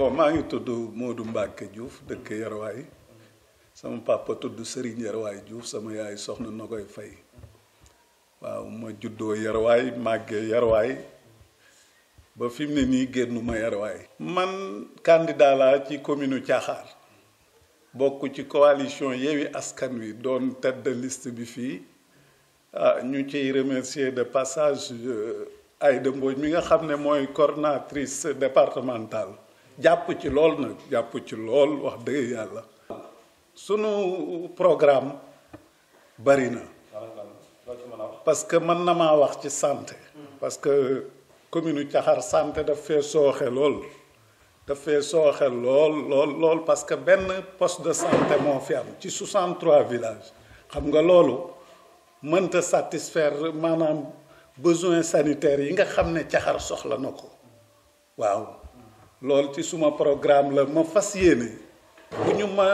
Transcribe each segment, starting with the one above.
bo maa ngi tudd Modou Mbacke Diouf dëkk Yarwaay sama papa tudd Serigne Yarwaay Diouf sama yaay soxna na koy fay waaw ma juddoo Yarwaay màggee Yarwaay ba fi mu ne nii génnu ma Yarwaay. man candidat laa ci commune Thiakhar bokk ci coalition Yewwi Askan Wi doon tête de bi fii ah, ñu ciy remercier de passage euh, Aïda Mbodj mi nga xam ne mooy coordonnatrice départementale. jàpp ci lool nag jàpp ci lool wax dëgg yàlla sunu programme bari na parce que mën na maa wax ci santé parce que commune Caxar santé daf fee sooxe lool daf fee sooxe lool lool lool parce que benn poste de santé moo fi am ci 63 village xam nga loolu mënta satisfaire maanaam besoin sanitaire yi nga xam ne Caxar soxla na ko waaw loolu ci suma programme la ma fas yéene bu ñu ma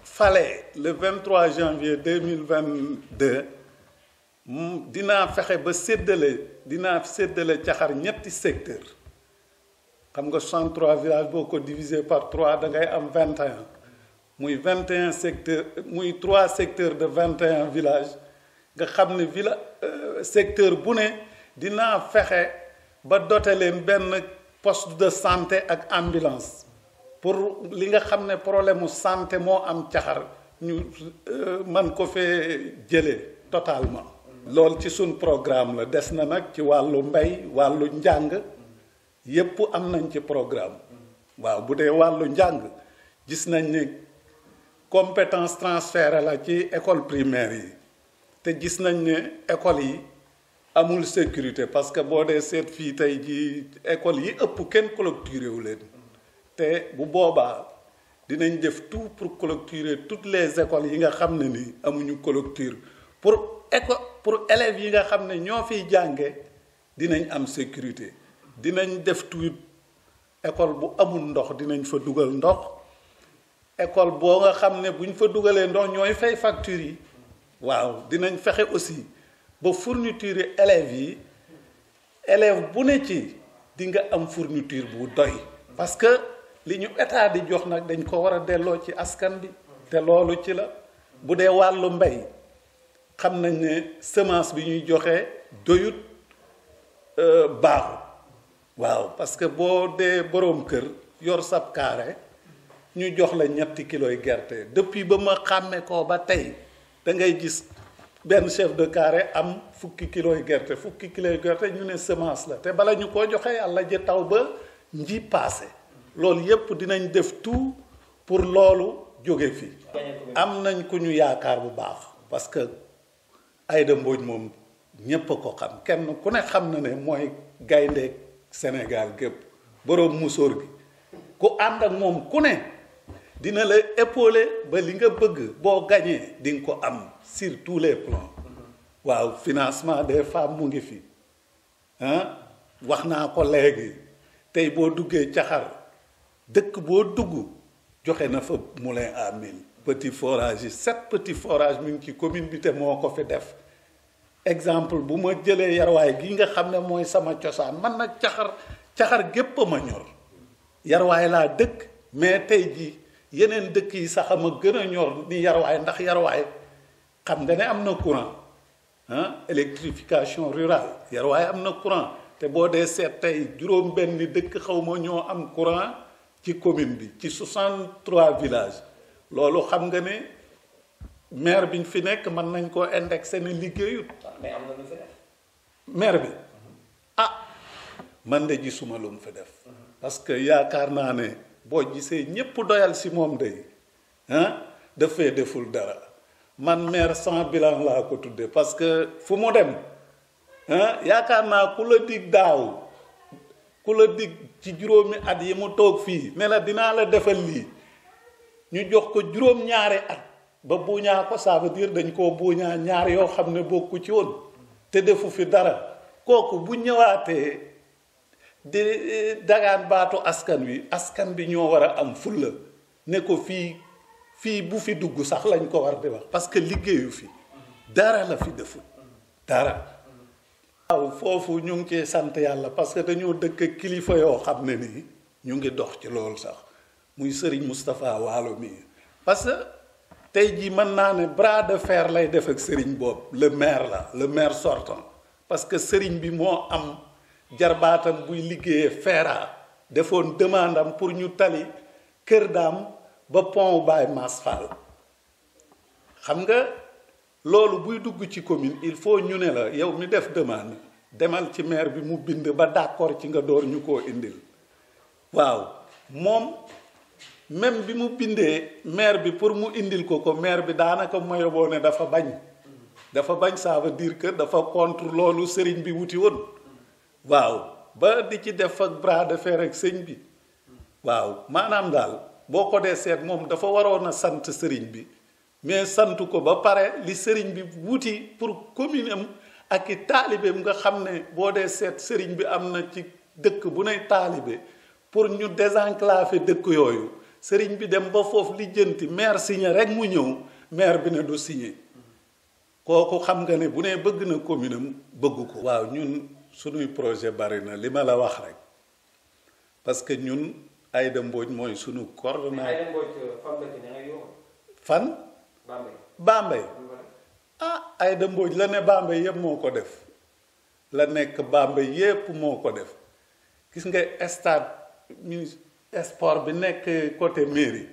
falee le 23 janvier 2022 dinaa fexe ba séddale dinaa séddale Caxar ñetti secteur xam nga 63 village boo ko diviser par trois da ngay am 21 muy 21 secteur muy 3 secteurs de 21 villages nga xam ne villa euh, secteur bu ne dinaa fexe ba dote leen benn. poste de santé ak ambulance pour li nga xam ne problème mu santé moo am caxar ñu euh, man ko fee jëlee totalement. loolu ci suñ programme la des na nag ci wàllu mbay wàllu njàng yépp am nañ ci programme waaw bu dee wàllu njàng gis nañ ni compétence transférée la ci école primaire yi te gis nañ ne école yi. amul sécurité parce que boo dee seet fii tey ji école yi ëpp kenn clôturé wu leen te bu boobaa dinañ def tout pour clôturer toutes les écoles yi nga xam ne ni amuñu clôture pour éco pour élèves yi nga xam ne ñoo fiy jànge dinañ am sécurité dinañ def tuut école bu amul ndox dinañ fa dugal ndox école boo nga xam ne bu fa dugalee ndox ñooy fay factures yi waaw dinañ fexe aussi ba fourniture élèves yi élève bu ne ci di nga am fourniture bu doy parce que li ñu état di jox nag dañ ko war a delloo ci askan bi te loolu ci la bu dee wàllu mbay xam nañ ne semence bi ñuy joxe doyut euh, baaxut waaw parce que boo dee boroom kër yor sab kaare ñu jox la ñetti kiloy gerte depuis ba ma xàmme ko ba tey dangay gis benn chef de carré am fukki kiloy gerte fukki kiloy gerte ñu ne semence la te bala ñu koo joxe yàlla ji taw ba nji paase loolu yépp dinañ def tout pour loolu jóge fi am nañ ku ñu yaakaar bu baax parce que Aïda Mbodj moom ñépp a ko xam kenn ku ne xam na ne mooy gaynde Sénégal gépp boroom musóor gi ku ànd ak moom ku ne dina la épole ba li nga bëgg boo gañee di nga ko am surtout les plans waaw financement des femmes mu ngi fi ah wax naa ko léegi tey boo duggee caxar dëkk boo dugg joxe na fa moulin à mille petit forage yi set petit forage mu ngi ci commune bi moo ko fi def exemple bu ma jëlee yarwaay gi nga xam ne mooy sama cosaan man na caxar caxar gépp ma ñor yarwaay laa dëkk mais tey ji yeneen dëkk yi sax ma gën a ñor ni yarwaay ndax yarwaay xam nga ne am na courant ah électrification rurale yarwaay am na courant te boo dee seet tey juróom benn dëkk xaw ma ñoo am courant ci commune bi ci 63 villages loolu xam nga ne maire bi ñu fi nekk mën nañ koo indexé ne liggéeyut ah, mais am na lu maire bi mhm. ah man de gisuma lu mu fi def mhm. parce que yaakaar naa ne boo gisee ñépp doyal si moom day ah deful dara man maire sans bilan laa ko tudde parce que fu mu dem yaakaar naa ku la dig daaw ku la dig ci juróomi at yi mu toog fii ne la dinaa la defal lii ñu jox ko juróom-ñaari at ba buuñaa ko ça veut dire dañ koo buuñaa ñaar yoo xam ne bokku ci woon te defu fi dara kooku bu ñëwaatee di dagaan baatu askan wi askan bi ñoo war a am fulla ne ko fii fii bu fi dugg sax lañ ko war di wax parce que liggéeyu fi dara la fi deful dara waaw foofu ñu ngi ci sant yàlla parce que dañoo dëkk kilifa yoo xam ne nii ñu ngi dox ci lool sax muy Serigne Moustapha Waalo mi parce que tey jii mën naa ne bras de fer lay def ak Serigne boobu le maire la le maire sortant parce que Serigne bi moo am jarbaatam buy liggéeyee feera defoon demande pour ñu tali kër daam ba pont Baye Mass Fall xam nga loolu buy dugg ci commune il faut ñu ne la yow mi def demande demal ci maire bi mu bind ba d'accord ci nga door ñu koo indil waaw moom même bi mu bindee maire bi pour mu indil ko ko maire bi daanaka moyoboo ne dafa bañ dafa bañ ça veut dire dafa contre loolu sëriñ bi wuti woon waaw ba di ci def ak bras de fer ak sëñ bi waaw maanaam daal boo ko dee seet moom dafa waroon a sant sëriñ bi mais sant ko ba pare li sëriñ bi wuti pour commune am ak i taalibeem nga xam ne boo dee seet sëriñ bi am na ci dëkk bu nay taalibe pour ñu désenclaver dëkk yooyu sëriñ bi dem ba foofu lijjanti maire signé rek mu ñëw maire bi ne du signé kooku xam nga ne bu ne bëgg na commune am bëgg ko. waaw ñun. sunuy projet bari na li ma la wax rek parce que ñun Aïda Mbodj mooy sunu coordonnateur fan Bambey ah Aïda Mbodj la ne Bambey yëpp moo ko def la nekk Bambey yëpp moo ko def gis nga stade mini sport bi nekk côté mairie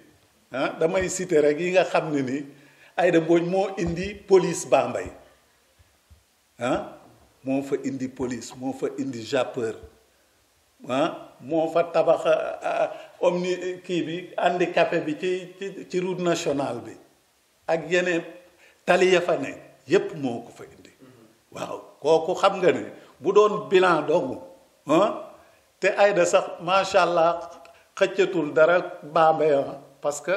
ah damay citer rek yi nga xam ne ni Aïda Mbodj moo indi police Bambey ah, moo fa indi police moo fa indi japeur ah, moo fa tabax ah, ah, omni eh, kii bi handicapé bi ci ci ci route nationale bi ak yeneen tali ya fa ne yépp moo ko fa indi waaw kooku xam nga ni bu doon bilan dong ah te Aïda sax macha allah xëccatul dara bambaya parce que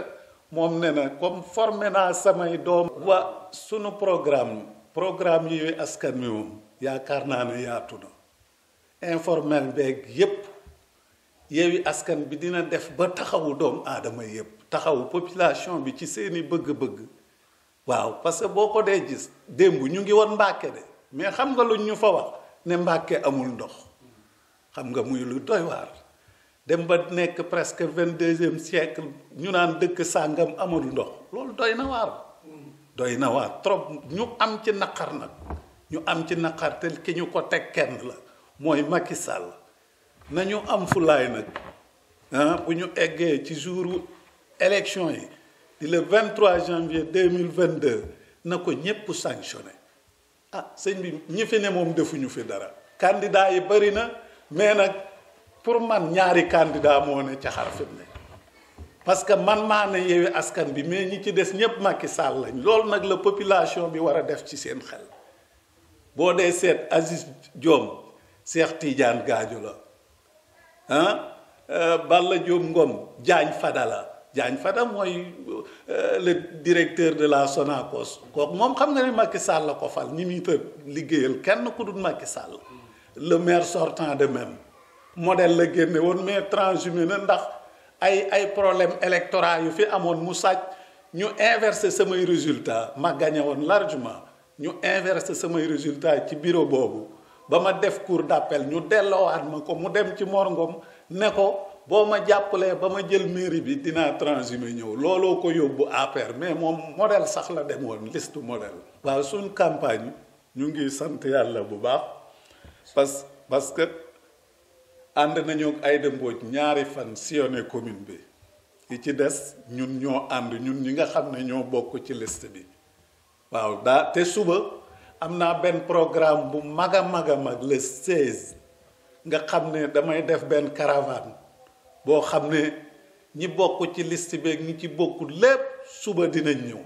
moom ne na comme formé naa samay doom wa sunu programme programme yooyu askan wi moom yaakaar naa ne yaatu na informel beeg yépp Yewwi Askan bi dina def ba taxawu doom aadama yépp taxawu population bi ci seeni bëgg-bëgg waaw parce que boo ko dee gis démb ñu ngi woon Mbàkke de mais xam nga luñ ñu fa wax ne Mbàkke amul ndox xam nga muy lu doy waar dem ba nekk presque vingt-deuxième siècle ñu naan dëkk sàngam amul ndox loolu doy na waar mm. doy na waar trop ñu am ci naqar nag ñu am ci naqartel te ki ñu ko teg kenn la mooy Macky Sall nañu am fulaay nag ah, bu ñu eggee ci jour élection yi di le 23 janvier 2022 na ko ñépp sanctionné ah sëñ bi ñi fi ne moom defuñu fi dara candidat yi bari na mais nag pour man ñaari candidat moo ne ci xar ne parce que man maa ne yeewi askan bi mais ñi ci des ñépp Macky Sall lañ lool nag la population bi war a def ci seen xel boo dee seet Aziz Diom Cheikh Tidiane Gadio la ah euh, Balla Diom Ngom Diagne Fada la Diagne Fada mooy euh, le directeur de la Sonacos kooku moom xam nga ne Macky Sall la ko fal ñi muy tëb liggéeyal kenn ku dul Macky Sall le maire sortant de même modèle la génne woon mais transhumé na ndax ay ay problème électoral yu fi amoon mu sàcc ñu inversé samay résultat ma gagné woon largement ñu inversé samay résultat ci bureau boobu ba ma def cour d'appel ñu delloowaat ma ko mu dem ci Mor ne ko boo ma jàppalee ba ma jël mairie bi dinaa transhumé ñëw looloo ko yóbbu APR mais moom modèle sax la demoon liste modèle. waaw suñ campagne ñu ngi sant yàlla bu baax parce parce que ànd nañu ak Aïda Mbodj ñaari fan sillonné commune bi yi ci des ñun ñoo ànd ñun ñi nga xam ne ñoo bokk ci liste bi. waaw daa te suba am naa benn programme bu mag a mag a mag le 16 nga xam ne damay def benn caravane boo xam ne ñi bokk ci liste beeg ñi ci bokkul lépp suba dina ñëw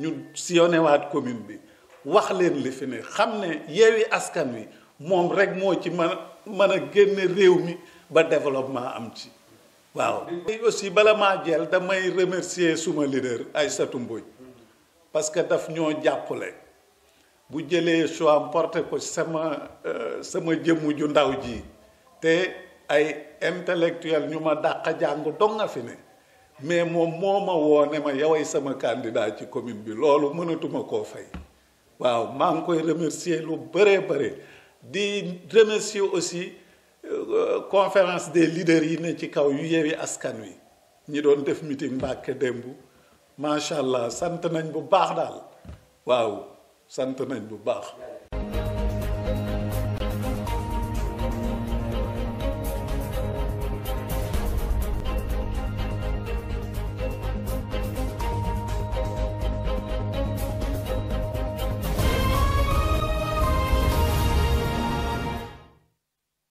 ñu si sillonnewaat commune bi wax leen li fi ne xam ne yeewi askan wi moom rek moo ci mën mën a génne réew mi ba développement am ci waaw. aussi bala maa jël damay remercier suma leader Aïssatou Mbodj parce que daf ñoo jàppule bu jëlee choix am ko sama euh, sama jëmm ju ndaw ji te ay intellectuel ñu ma dàq jàng dong nga fi ne mais moom moo ma woone ma yoway sama candidat ci commune bi loolu mënatuma koo fay waaw maa ngi koy remercier lu bëree bëri di remercier aussi euh, conférence de leaders yi ne ci kaw yu yewi askan wi ñi doon def meeting Mbàkke démb macha allah sant nañ bu baax daal waaw sant nañ bu baax.